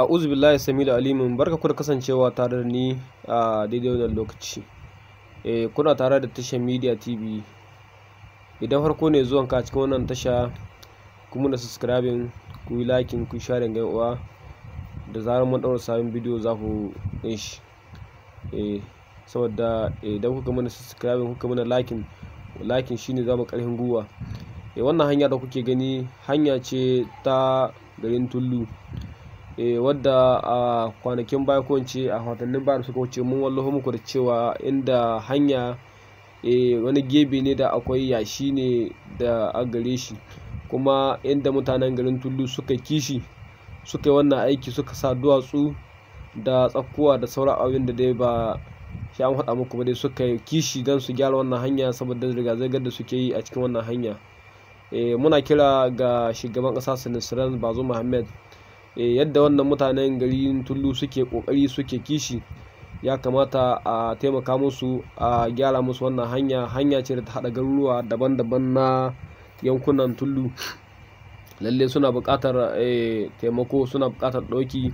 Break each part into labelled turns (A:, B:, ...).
A: a uzubillahi da alimin barka ku da kasancewa tare da ni a daidai wannan lokaci e, kuna tare da tashar media tv idan farko ne zuwan ka cikin wannan tasha kuma da subscribe ku yi liking ku share ga uwa da zarar mun daura sabon bidiyo za ku gan shi e, saboda idan kuka mana subscribe kuka mana liking likin shine za mu karfin gwiwa e, wannan hanya da kuke gani hanya ce ta garin tullu Eh, wadda a kwanakin baya ko ce a watannin baya suka wuce mun wallahu muku da cewa inda hanya eh, wani gebe ne da akwai yashi ne da a gare shi kuma inda mutanen garin tullu suka kishi suka yi wannan aiki suka sa duwatsu da tsakkuwa da sauran abin da dai ba shi an faɗa muku ba dai suka yi kishi don su gyara wannan hanya saboda zirga zai da suke yi a cikin wannan hanya eh, muna kira ga shugaban ƙasa sinisiran bazo muhammad Eh, yadda wannan mutanen garin tullu suke ƙoƙari suke kishi ya kamata a taimaka musu a gyara musu wannan hanya hanya ce da ta haɗa garuruwa daban-daban na yankunan tullu lalle suna buƙatar eh, taimako suna buƙatar ɗauki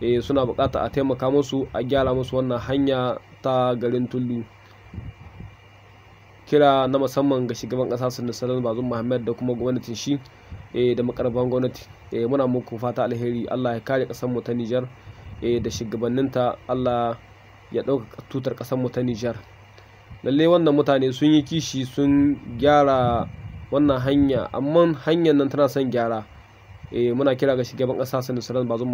A: eh, suna buƙatar a taimaka musu a gyara musu wannan hanya ta garin tullu kira na musamman ga shugaban ƙasa da salar bazum muhammad da kuma gwamnatin shi Eh, da makarban gwamnati eh, muna muku fata alheri allah ya kare kasar mu ta nijar eh, da shugabanninta allah ya ɗauka tutar kasar mu ta nijar lalle wannan mutane sun yi kishi sun gyara wannan hanya amma hanyar nan tana son gyara muna kira ga shugaban kasa sanin sunan bazum